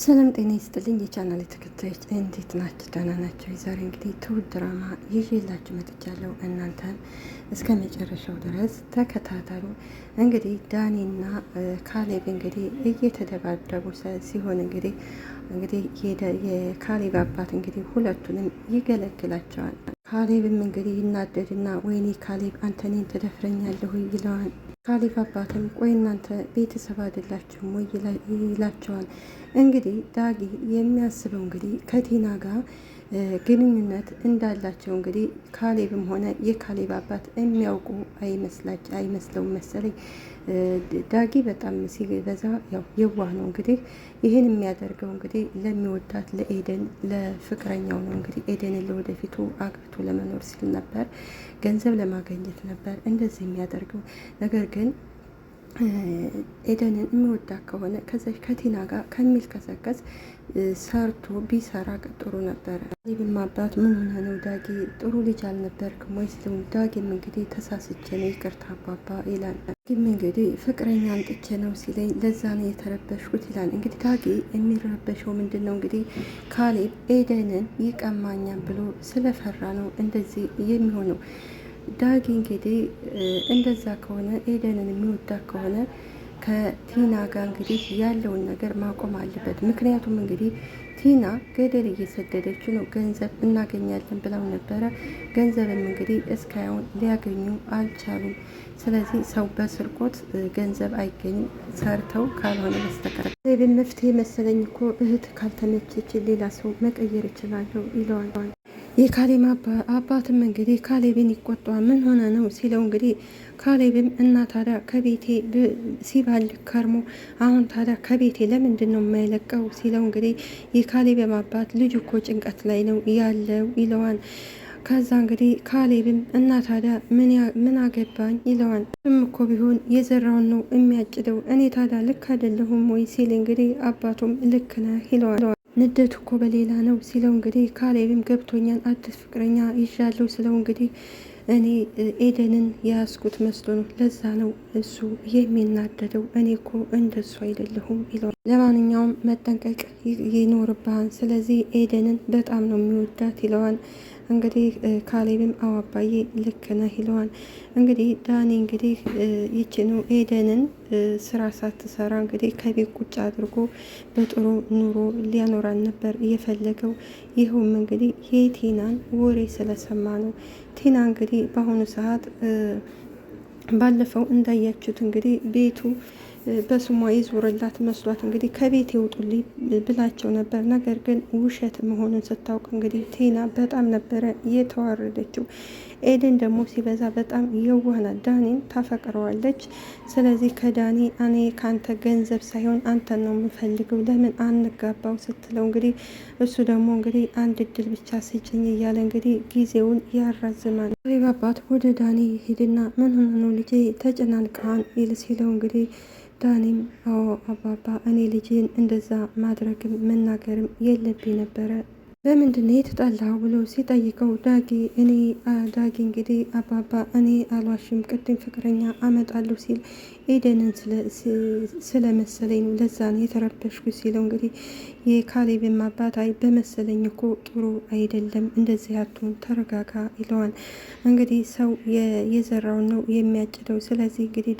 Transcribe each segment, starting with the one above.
ሰላም ጤና ይስጥልኝ የቻናል ተከታዮች እንዴት ናቸው? ደህና ናቸው? የዛሬ እንግዲህ ትሁት ድራማ ይዤላችሁ መጥቻለሁ። እናንተም እስከ መጨረሻው ድረስ ተከታተሉ። እንግዲህ ዳኒና ካሌብ እንግዲህ እየተደባደቡ ሲሆን እንግዲህ እንግዲህ የካሌብ አባት እንግዲህ ሁለቱንም ይገለግላቸዋል። ካሌብም እንግዲህ ይናደድና ወይኔ ካሌብ አንተኔን ተደፍረኛለሁ ይለዋል። ካሊፍ አባትም ቆይ እናንተ ቤተሰብ አይደላችሁም ወይ ይላቸዋል። እንግዲህ ዳጊ የሚያስበው እንግዲህ ከቲና ጋር ግንኙነት እንዳላቸው እንግዲህ ካሌብም ሆነ የካሌብ አባት የሚያውቁ አይመስለውም መሰለኝ። ዳጊ በጣም ሲበዛ ያው የዋህ ነው እንግዲህ ይህን የሚያደርገው እንግዲህ ለሚወዳት ለኤደን ለፍቅረኛው ነው እንግዲህ ኤደንን ለወደፊቱ አግብቶ ለመኖር ሲል ነበር፣ ገንዘብ ለማገኘት ነበር እንደዚህ የሚያደርገው ነገር ግን ኤደንን የሚወዳ ከሆነ ከዛች ከቲና ጋር ከሚል ከሰከስ ሰርቶ ቢሰራ ጥሩ ነበረ። ሌብም አባት ምን ሆነ ነው ዳጌ ጥሩ ልጅ አልነበርክም ወይ ስለው ዳጊም እንግዲህ ተሳስቼ ነው ይቅርታ አባባ ይላል። ዳጊም እንግዲህ ፍቅረኛ አንጥቼ ነው ሲለኝ ለዛ ነው የተረበሽኩት ይላል። እንግዲህ ዳጌ የሚረበሸው ምንድን ነው እንግዲህ ካሌብ ኤደንን ይቀማኛል ብሎ ስለፈራ ነው እንደዚህ የሚሆነው። ዳጌ እንግዲህ እንደዛ ከሆነ ኤደንን የሚወዳ ከሆነ ከቲና ጋር እንግዲህ ያለውን ነገር ማቆም አለበት። ምክንያቱም እንግዲህ ቲና ገደል እየሰደደች ነው። ገንዘብ እናገኛለን ብለው ነበረ። ገንዘብም እንግዲህ እስካሁን ሊያገኙ አልቻሉም። ስለዚህ ሰው በስርቆት ገንዘብ አይገኝም ሰርተው ካልሆነ በስተቀር ዘይብን መፍትሄ መሰለኝ እኮ እህት ካልተመቸች ሌላ ሰው መቀየር ይችላለሁ ይለዋል። የካሌብ አባትም እንግዲህ ካሌብን ይቆጣ ምን ሆነ ነው ሲለው እንግዲህ ካሌብም እና ታዲያ ከቤቴ ሲባል ከርሞ አሁን ታዲያ ከቤቴ ለምንድን ነው የማይለቀው ሲለው እንግዲህ የካሌብም አባት ልጁ እኮ ጭንቀት ላይ ነው ያለው ይለዋል። ከዛ እንግዲህ ካሌብም እና ታዲያ ምን አገባኝ ይለዋል። እም እኮ ቢሆን የዘራውን ነው የሚያጭደው እኔ ታዲያ ልክ አይደለሁም ወይ ሲል እንግዲህ አባቱም ልክ ነህ ይለዋል። ንደቱ እኮ በሌላ ነው ሲለው እንግዲህ ካሌብም ገብቶኛል አዲስ ፍቅረኛ ይዣለሁ ስለው እንግዲህ እኔ ኤደንን የያዝኩት መስሎ ነው። ለዛ ነው እሱ የሚናደደው። እኔ እኮ እንደሱ አይደለሁም ይለዋል። ለማንኛውም መጠንቀቅ ይኖርብሃል። ስለዚህ ኤደንን በጣም ነው የሚወዳት ይለዋል። እንግዲህ ካሌብም አዋባዬ ልክ ነህ ይለዋል። እንግዲህ ዳኒ እንግዲህ ይችኑ ኤደንን ስራ ሳትሰራ እንግዲህ ከቤት ቁጭ አድርጎ በጥሩ ኑሮ ሊያኖራን ነበር እየፈለገው። ይኸውም እንግዲህ የቲናን ወሬ ስለሰማ ነው። ቲና እንግዲህ በአሁኑ ሰዓት ባለፈው እንዳያችሁት እንግዲህ ቤቱ በስሟ ይዞርላት መስሏት እንግዲህ ከቤት ይውጡልኝ ብላቸው ነበር። ነገር ግን ውሸት መሆኑን ስታውቅ እንግዲህ ቴና በጣም ነበረ የተዋረደችው። ኤደን ደግሞ ሲበዛ በጣም የዋህና ዳኒን ታፈቅረዋለች። ስለዚህ ከዳኒ እኔ ከአንተ ገንዘብ ሳይሆን አንተ ነው የምፈልገው ለምን አንጋባው ስትለው እንግዲህ እሱ ደግሞ እንግዲህ አንድ እድል ብቻ ስጭኝ እያለ እንግዲህ ጊዜውን ያራዝማል። ወይም አባት ወደ ዳኒ ሂድና ምን ሆነ ነው ልጄ ተጨናንቀሃል ይል ሲለው እንግዲህ ዳኒም አዎ አባባ እኔ ልጅን እንደዛ ማድረግም መናገርም የለብኝ ነበረ በምንድን ነው የተጣላው ብሎ ሲጠይቀው ዳጊ እኔ ዳጊ እንግዲህ አባባ እኔ አልዋሽም ቅድም ፍቅረኛ አመጣለሁ ሲል ኤደንን ስለመሰለኝ ነው ለዛ ነው የተረበሽኩ ሲለው እንግዲህ የካሌብ አባት አይ በመሰለኝ እኮ ጥሩ አይደለም፣ እንደዚህ አትሁን፣ ተረጋጋ ይለዋል። እንግዲህ ሰው የዘራውን ነው የሚያጭደው። ስለዚህ እንግዲህ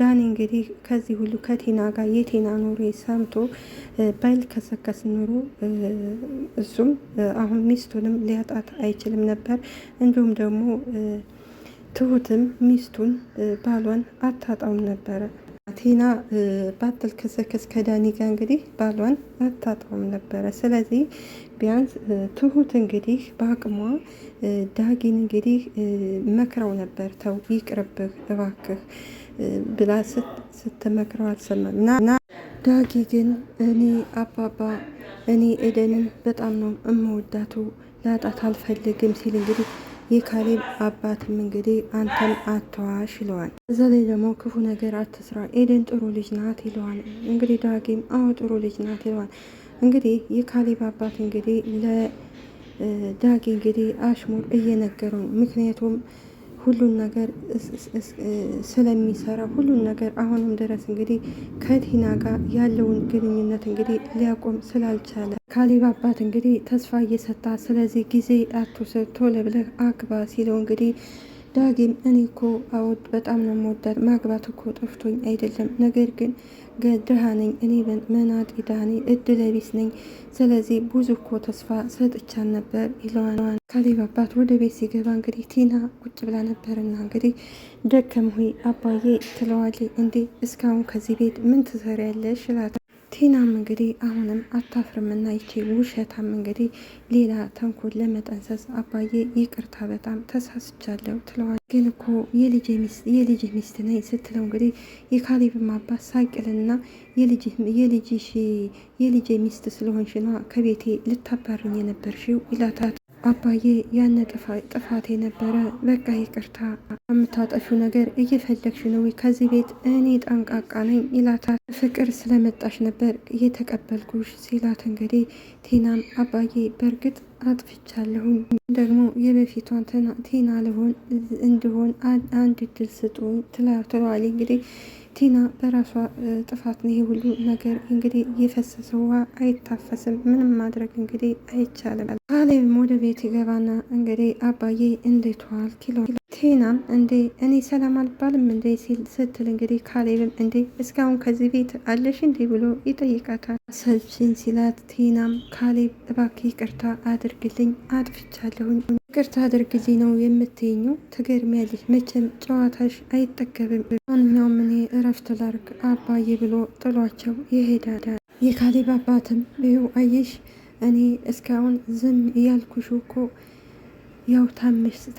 ዳኒ እንግዲህ ከዚህ ሁሉ ከቴና ጋር የቴና ኖሬ ሰምቶ ባይል ከሰከስ ኑሮ እሱም አሁን ሚስቱንም ሊያጣት አይችልም ነበር እንዲሁም ደግሞ ትሁትም ሚስቱን ባሏን አታጣውም ነበረ። አቴና ባትል ከሰከስ ከዳኒ ጋር እንግዲህ ባሏን አታጣውም ነበረ። ስለዚህ ቢያንስ ትሁት እንግዲህ በአቅሟ ዳጊን እንግዲህ መክረው ነበር። ተው ይቅርብህ፣ እባክህ ብላ ስትመክረው አልሰማም እና ዳጊ ግን እኔ አባባ እኔ ኤደንን በጣም ነው እመወዳቱ ላጣት አልፈልግም ሲል እንግዲህ የካሌብ አባትም እንግዲህ አንተን አተዋሽ ይለዋል። እዛ ላይ ደግሞ ክፉ ነገር አትስራ፣ ኤደን ጥሩ ልጅ ናት ይለዋል። እንግዲህ ዳጊም አዎ ጥሩ ልጅ ናት ይለዋል። እንግዲህ የካሌብ አባት እንግዲህ ለዳጊ እንግዲህ አሽሙር እየነገረው ምክንያቱም ሁሉን ነገር ስለሚሰራ ሁሉን ነገር አሁንም ድረስ እንግዲህ ከቲና ጋር ያለውን ግንኙነት እንግዲህ ሊያቆም ስላልቻለ የካሌብ አባት እንግዲህ ተስፋ እየሰጣ ስለዚህ ጊዜ አትውሰድ ቶሎ ብለህ አግባ ሲለው እንግዲህ ዳጊም እኔ እኮ አወድ በጣም ነው የምወዳት ማግባት እኮ ጠፍቶኝ አይደለም። ነገር ግን ድሃ ነኝ እኔ መናጤ ድሃ ነኝ፣ እድለ ቢስ ነኝ። ስለዚህ ብዙ እኮ ተስፋ ሰጥቻን ነበር ይለዋል። ካሌብ አባት ወደ ቤት ሲገባ እንግዲህ ቲና ቁጭ ብላ ነበርና እንግዲህ ደከምሁኝ አባዬ ትለዋለች። እንዴ እስካሁን ከዚህ ቤት ምን ትሰሪያለሽ? ቲናም እንግዲህ አሁንም አታፍርምና ይቺ ውሸታም እንግዲህ ሌላ ተንኮል ለመጠንሰስ አባዬ ይቅርታ በጣም ተሳስቻለሁ ትለዋል። ግን እኮ የልጅ ሚስት ነኝ ስትለው እንግዲህ የካሌብም አባት ሳቅልና የልጅ ሚስት ስለሆንሽ ከቤቴ ልታባርኝ የነበርሽው ይላታል። አባዬ ያነ ጥፋቴ ነበረ። በቃ ይቅርታ፣ ከምታጠፊው ነገር እየፈለግሽ ነው ከዚህ ቤት እኔ ጠንቃቃ ነኝ ይላታል። ፍቅር ስለመጣሽ ነበር እየተቀበልኩሽ ሲላት፣ እንግዲህ ቴናም አባዬ በእርግጥ አጥፍቻለሁኝ ደግሞ የበፊቷን ቴና ልሆን እንድሆን አንድ እድል ስጡኝ ትለዋል እንግዲህ ቲና በራሷ ጥፋት ነው ይሄ ሁሉ ነገር እንግዲህ የፈሰሰው ውሃ አይታፈስም። ምንም ማድረግ እንግዲህ አይቻልም። ካሌብም ወደ ቤት ይገባና እንግዲህ አባዬ እንዴት ዋልክ? ቴናም እንዴ እኔ ሰላም አልባልም እንዴ ሲል ስትል እንግዲህ ካሌብም እንዴ እስካሁን ከዚህ ቤት አለሽ እንዴ ብሎ ይጠይቃታል። ሰብሽን ሲላት ቴናም ካሌብ እባክህ ይቅርታ አድርግልኝ አጥፍቻለሁኝ፣ ይቅርታ አድርግልኝ ነው የምትኙ ትገርሚያለሽ። መቼም ጨዋታሽ አይጠገብም። ማንኛውም እኔ እረፍት ላርግ አባዬ ብሎ ጥሏቸው ይሄዳል። የካሌብ አባትም ይኸው አየሽ እኔ እስካሁን ዝም እያልኩሽ እኮ ያው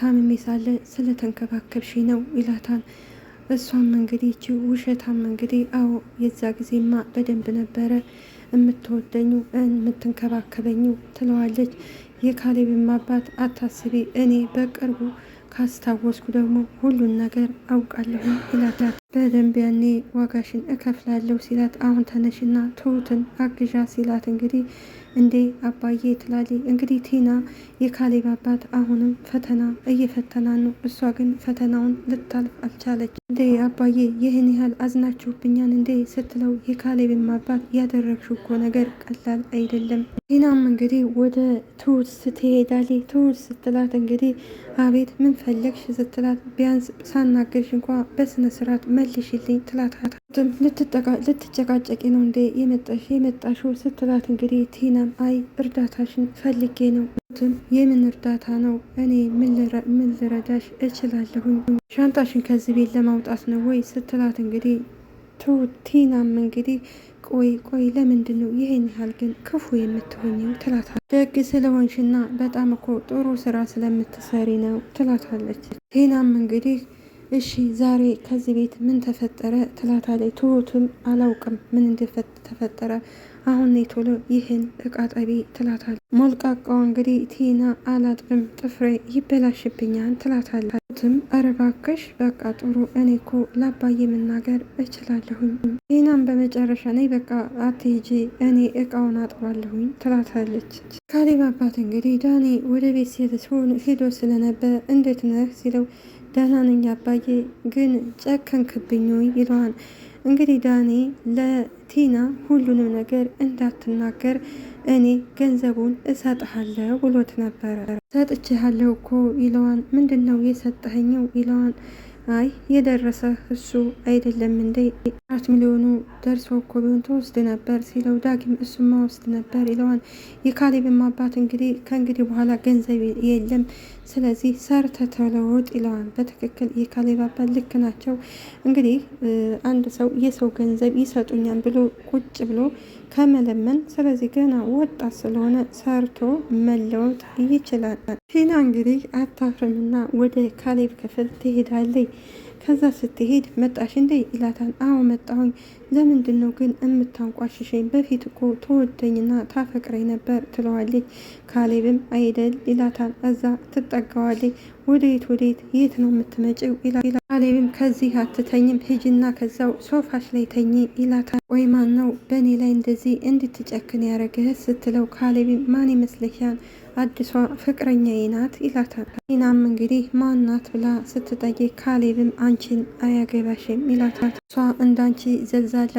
ታምሜ ሳለ ስለተንከባከብሽ ነው ይላታል። እሷም እንግዲህ እቺ ውሸታም እንግዲህ አዎ የዛ ጊዜማ በደንብ ነበረ የምትወደኙ የምትንከባከበኙ ትለዋለች። የካሌብም አባት አታስቢ፣ እኔ በቅርቡ ካስታወስኩ ደግሞ ሁሉን ነገር አውቃለሁ ይላታል። በደንብ ያኔ ዋጋሽን እከፍላለሁ ሲላት፣ አሁን ተነሽና ትሁትን አግዣ ሲላት፣ እንግዲህ እንዴ አባዬ ትላሌ እንግዲህ ቲና የካሌብ አባት አሁንም ፈተና እየፈተና ነው። እሷ ግን ፈተናውን ልታልፍ አልቻለች። እንዴ አባዬ ይህን ያህል አዝናችሁብኛን እንዴ ስትለው፣ የካሌብን አባት ያደረግሽው እኮ ነገር ቀላል አይደለም። ቲናም እንግዲህ ወደ ትሁት ስትሄዳሌ ትሁት ስትላት፣ እንግዲህ አቤት ምን ፈለግሽ ስትላት፣ ቢያንስ ሳናግርሽ እንኳ በስነስርዓት መልሽልኝ ትላታት። ልትጨቃጨቂ ነው እንዴ የመጣሽ የመጣሹ ስትላት እንግዲህ ቲናም አይ እርዳታሽን ፈልጌ ነው። የምን እርዳታ ነው? እኔ ምን ልረዳሽ እችላለሁኝ? ሻንጣሽን ከዚህ ቤት ለማውጣት ነው ወይ ስትላት እንግዲህ ቲናም እንግዲህ ቆይ ቆይ ለምንድን ነው ይሄን ያህል ግን ክፉ የምትሆኝው? ትላታለች። ደግ ስለሆንሽና በጣም እኮ ጥሩ ስራ ስለምትሰሪ ነው ትላታለች። ቲናም እንግዲህ እሺ ዛሬ ከዚህ ቤት ምን ተፈጠረ ትላታለች። ትሁትም አላውቅም ምን ተፈጠረ አሁን ቶሎ ይህን እቃጠቢ ትላታለች። ሞልቃቃዋ እንግዲህ ቲና አላጥብም ጥፍሬ ይበላሽብኛል ትላታለች። ትሁትም ኧረ በቃ ጥሩ እኔ ኮ ላባዬ መናገር እችላለሁኝ። ቲናም በመጨረሻ ነይ በቃ አትሄጂ እኔ እቃውን አጥባለሁኝ ትላታለች። ካሌብ አባት እንግዲህ ዳኒ ወደ ቤት ሲሆን ሄዶ ስለነበር እንዴት ነህ ሲለው ደህና ነኝ አባዬ፣ ግን ጨከንክብኝ ይለዋል። እንግዲህ ዳኔ ለቲና ሁሉንም ነገር እንዳትናገር እኔ ገንዘቡን እሰጥሃለሁ ብሎት ነበረ። ሰጥቼሃለሁ እኮ ይለዋል። ምንድን ነው የሰጠኸኝው ይለዋል። አይ የደረሰ እሱ አይደለም እንዴ? አራት ሚሊዮኑ ደርሶ እኮ ቢሆን ነበር ሲለው ዳግም እሱማ ወስድ ነበር ይለዋል። የካሌብም አባት እንግዲህ ከእንግዲህ በኋላ ገንዘብ የለም ስለዚህ ሰርተ ተለወጥ ይለዋል። በትክክል የካሌብ አባት ልክ ናቸው። እንግዲህ አንድ ሰው የሰው ገንዘብ ይሰጡኛል ብሎ ቁጭ ብሎ ከመለመን ስለዚህ ገና ወጣት ስለሆነ ሰርቶ መለወጥ ይችላል። ቲና እንግዲህ አታፍርምና ወደ ካሌብ ክፍል ትሄዳለች። ከዛ ስትሄድ መጣሽ እንዴ ይላታል። አዎ መጣሁኝ። ለምንድን ነው ግን የምታንቋሽሸኝ? በፊት እኮ ተወደኝና ታፈቅረኝ ነበር ትለዋለች። ካሌብም አይደል ይላታል። እዛ ትጠጋዋለች። ወደየት ወደየት የት ነው የምትመጪው? ካሌብም ከዚህ አትተኝም፣ ሂጂና ከዛው ሶፋሽ ላይ ተኝ ይላታል። ወይ ማን ነው በእኔ ላይ እንደዚህ እንድትጨክን ያደረግህ ስትለው ካሌብም ማን ይመስልሻል አዲሷ ፍቅረኛዬ ናት ይላታል። ቲናም እንግዲህ ማን ናት ብላ ስትጠይቅ ካሌብም አንቺን አያገባሽም ይላታል። እሷ እንዳንቺ ዘልዛላ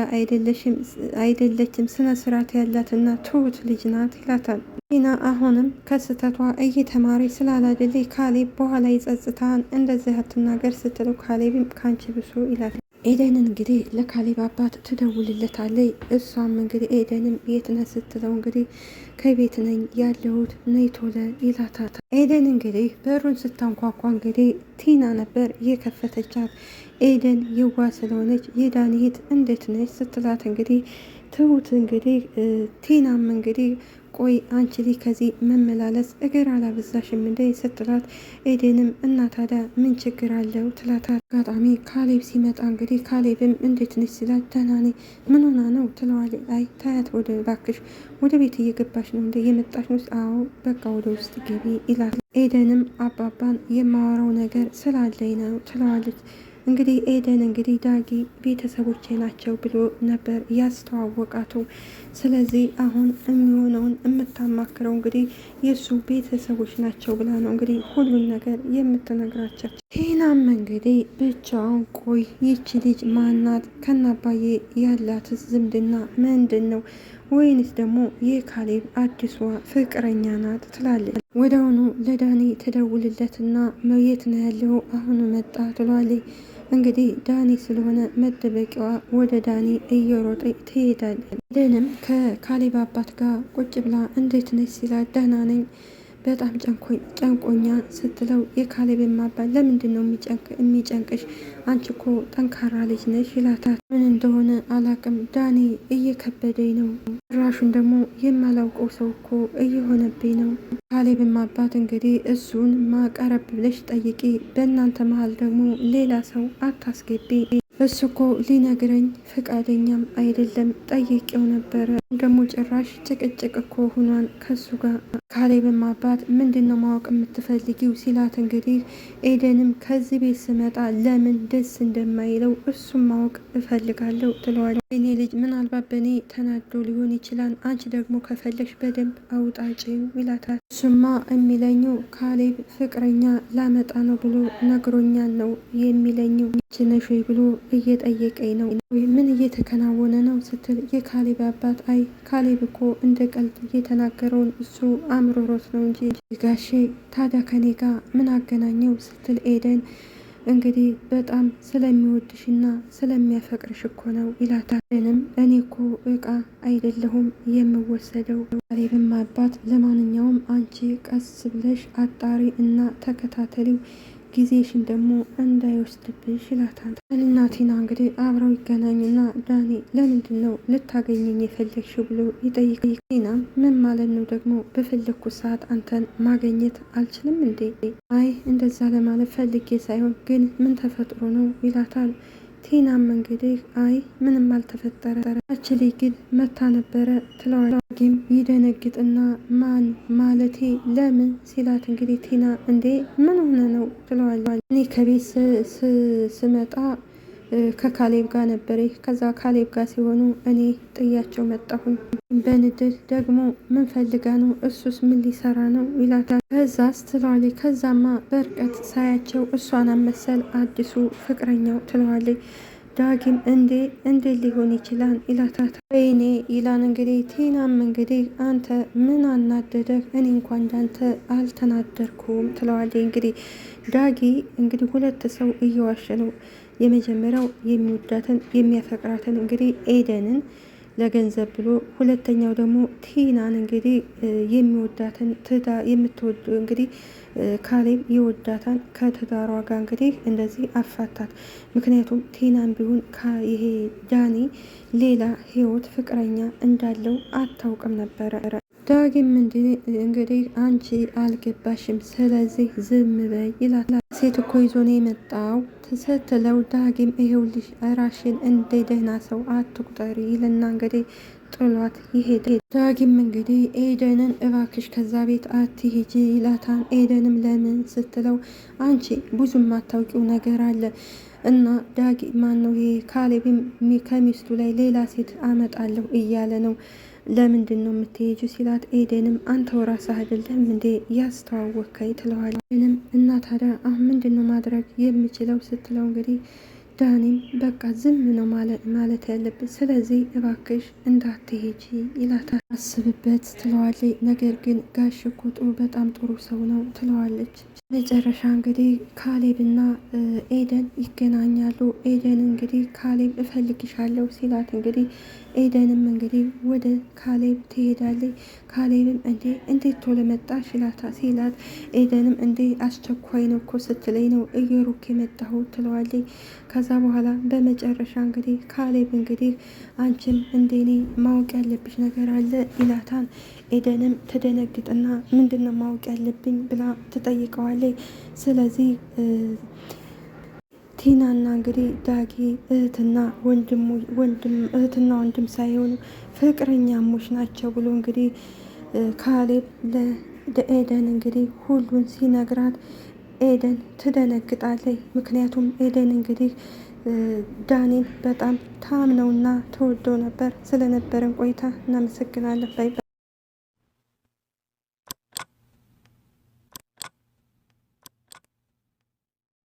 አይደለችም፣ ስነ ስርዓት ያላትና ትሁት ልጅ ናት ይላታል። ቲና አሁንም ከስህተቷ እየተማረች ስላላደለች ካሌብ በኋላ ይጸጽታን እንደዚህ አትናገር ስትለው ካሌብም ካንቺ ብሶ ይላታል። ኤደንን እንግዲህ ለካሌብ አባት ትደውልለታለች። እሷም እንግዲህ ኤደንም የት ነህ ስትለው እንግዲህ ከቤት ነኝ ያለሁት ነይ ቶሎ ይላታል። ኤደን እንግዲህ በሩን ስታንኳኳ እንግዲህ ቲና ነበር የከፈተቻት። ኤደን የዋ ስለሆነች የዳንሄት እንዴት ነች ስትላት እንግዲህ ትሁት እንግዲህ ቲናም እንግዲህ ቆይ አንቺ ልጅ ከዚህ መመላለስ እግር አላበዛሽም እንደ ስትላት፣ ኤዴንም እና ታዲያ ምን ችግር አለው ትላታ። አጋጣሚ ካሌብ ሲመጣ እንግዲህ ካሌብም እንዴት ነች ሲላት፣ ደህና ነኝ ምን ሆና ነው ትለዋል። አይ ታያት ወደ ባክሽ ወደ ቤት እየገባሽ ነው እንደ የመጣሽ ነው? አዎ በቃ ወደ ውስጥ ገቢ ይላል። ኤደንም አባባን የማወራው ነገር ስላለኝ ነው ትለዋለች። እንግዲህ ኤደን እንግዲህ ዳጊ ቤተሰቦቼ ናቸው ብሎ ነበር ያስተዋወቃቱ። ስለዚህ አሁን የሚሆነውን የምታማክረው እንግዲህ የእሱ ቤተሰቦች ናቸው ብላ ነው እንግዲህ ሁሉን ነገር የምትነግራቸው። ቴናም እንግዲህ ብቻውን ቆይ ይቺ ልጅ ማናት? ከናባዬ ያላትስ ዝምድና ምንድን ነው? ወይንስ ደግሞ የካሌብ አዲሷ ፍቅረኛ ናት ትላለች። ወደ አሁኑ ለዳኒ ተደውልለትና መየት ነው ያለው አሁኑ መጣ ትሏለች። እንግዲህ ዳኒ ስለሆነ መደበቂያዋ ወደ ዳኒ እየሮጠ ትሄዳለች። ደንም ከካሌብ አባት ጋር ቁጭ ብላ እንዴት ነች ሲላት ደህና ነኝ በጣም ጨንቆኛ ስትለው የካሌብ አባት ለምንድን ነው የሚጨንቅሽ? አንቺ እኮ ጠንካራ ልጅ ነሽ ይላታል። ምን እንደሆነ አላቅም ዳኔ እየከበደኝ ነው። ራሹን ደግሞ የማላውቀው ሰው እኮ እየሆነብኝ ነው። ካሌብ አባት እንግዲህ እሱን ማቀረብ ብለሽ ጠይቂ፣ በእናንተ መሀል ደግሞ ሌላ ሰው አታስገቢ። እሱ እኮ ሊነግረኝ ፈቃደኛም አይደለም። ጠይቄው ነበረ ደግሞ ጭራሽ ጭቅጭቅ እኮ ሁኗን ከሱ ጋር የካሌብም አባት ምንድን ነው ማወቅ የምትፈልጊው ሲላት፣ እንግዲህ ኤደንም ከዚህ ቤት ስመጣ ለምን ደስ እንደማይለው እሱም ማወቅ እፈልጋለሁ ትለዋለች። እኔ ልጅ ምናልባት በእኔ ተናዶ ሊሆን ይችላል፣ አንቺ ደግሞ ከፈለሽ በደንብ አውጣጭ ይላታል። እሱማ የሚለኘው ካሌብ ፍቅረኛ ላመጣ ነው ብሎ ነግሮኛል ነው የሚለኘው ነሽ ወይ ብሎ እየጠየቀኝ ነው። ምን እየተከናወነ ነው ስትል የካሌብ አባት አይ ካሌብ እኮ እንደ ቀልድ እየተናገረውን እሱ አምሮሮት ነው እንጂ ጋሼ ታዲያ ከኔ ጋር ምን አገናኘው ስትል ኤደን እንግዲህ በጣም ስለሚወድሽና ስለሚያፈቅርሽ እኮ ነው ይላታል። ኤደንም እኔ እኮ እቃ አይደለሁም የምወሰደው። ካሌብም አባት ለማንኛውም አንቺ ቀስ ብለሽ አጣሪ እና ተከታተሊው ጊዜሽን ደግሞ እንዳይወስድብሽ ይላታል። እና ቲና እንግዲህ አብረው ይገናኙና ዳኒ ለምንድን ነው ልታገኘኝ የፈለግሽው ብሎ ይጠይቅ። ቲናም ምን ማለት ነው ደግሞ በፈለግኩ ሰዓት አንተን ማገኘት አልችልም እንዴ? አይ እንደዛ ለማለት ፈልጌ ሳይሆን ግን ምን ተፈጥሮ ነው ይላታል። ቲናም እንግዲህ አይ ምንም አልተፈጠረ አችሌ ግን መታ ነበረ ትለዋጊም ይደነግጥና ማን ማለቴ ለምን ሲላት እንግዲህ ቴና እንዴ ምን ሆነ ነው ትለዋል እኔ ከቤት ስመጣ ከካሌብ ጋር ነበረ። ከዛ ካሌብ ጋር ሲሆኑ እኔ ጥያቸው መጣሁኝ። በንድል ደግሞ ምን ፈልጋ ነው? እሱስ ምን ሊሰራ ነው ይላታል። ከዛ ትለዋለች። ከዛማ በርቀት ሳያቸው እሷን መሰል አዲሱ ፍቅረኛው ትለዋለች። ዳግም እንዴ እንዴ ሊሆን ይችላል ይላታታ። ወይኔ ይላን እንግዲህ ቴናም እንግዲህ አንተ ምን አናደደህ? እኔ እንኳ እንዳንተ አልተናደርኩም ትለዋለች። እንግዲህ ዳጊ እንግዲህ ሁለት ሰው እየዋሸ ነው የመጀመሪያው የሚወዳትን የሚያፈቅራትን እንግዲህ ኤደንን ለገንዘብ ብሎ ሁለተኛው ደግሞ ቲናን እንግዲህ የሚወዳትን ትዳ የምትወዱ እንግዲህ ካሌብ የወዳታን ከትዳሯ ጋር እንግዲህ እንደዚህ አፋታት። ምክንያቱም ቲናን ቢሆን ይሄ ዳኒ ሌላ ህይወት ፍቅረኛ እንዳለው አታውቅም ነበረ። ዳግም እንግዲህ አንቺ አልገባሽም፣ ስለዚህ ዝም በይ ይላታል። ሴት እኮ ይዞ ነው የመጣው ስትለው ዳግም ይኸውልሽ ራሽን እንደ ደህና ሰው አትቁጠሪ ይልና እንግዲህ ጥሏት ይሄድ። ዳግም እንግዲህ ኤደንን እባክሽ ከዛ ቤት አትሄጂ ይላታል። ኤደንም ለምን ስትለው አንቺ ብዙ የማታውቂው ነገር አለ እና ዳጊ ማነው ይሄ ካሌብም ከሚስቱ ላይ ሌላ ሴት አመጣለሁ እያለ ነው ለምንድን ነው የምትሄጁ ሲላት ኤደንም አንተ ወራሳ አይደለም እንዴ ያስተዋወካይ ትለዋል። ምንም እና ታዲያ አሁን ምንድን ነው ማድረግ የምችለው ስትለው እንግዲህ ዳኒም በቃ ዝም ነው ማለት ያለብን፣ ስለዚህ እባክሽ እንዳትሄጂ ይላታል። አስብበት ትለዋለች። ነገር ግን ጋሽ ቁጡ በጣም ጥሩ ሰው ነው ትለዋለች። መጨረሻ እንግዲህ ካሌብና ኤደን ይገናኛሉ። ኤደን እንግዲህ ካሌብ እፈልግሻለሁ ሲላት እንግዲህ ኤደንም እንግዲህ ወደ ካሌብ ትሄዳለች። ካሌብም እንዴ እንዴት ቶሎ መጣ ሽላታ ሲላት፣ ኤደንም እንዴ አስቸኳይ ነው እኮ ስትለይ ነው እየሮክ የመጣሁ ትለዋለች። ከዛ በኋላ በመጨረሻ እንግዲህ ካሌብ እንግዲህ አንቺም እንደኔ ማወቅ ያለብሽ ነገር አለ ይላታን ኤደንም ትደነግጥና ምንድነው ማወቅ ያለብኝ ብላ ትጠይቀዋለች። ስለዚህ ቲናና እንግዲህ ዳጊ እህትና እህትና ወንድም ሳይሆኑ ፍቅረኛሞች ናቸው ብሎ እንግዲህ ካሌብ ለኤደን እንግዲህ ሁሉን ሲነግራት ኤደን ትደነግጣለች። ምክንያቱም ኤደን እንግዲህ ዳኒን በጣም ታምነውና ተወደው ነበር። ስለነበረን ቆይታ እናመሰግናለን። ባይ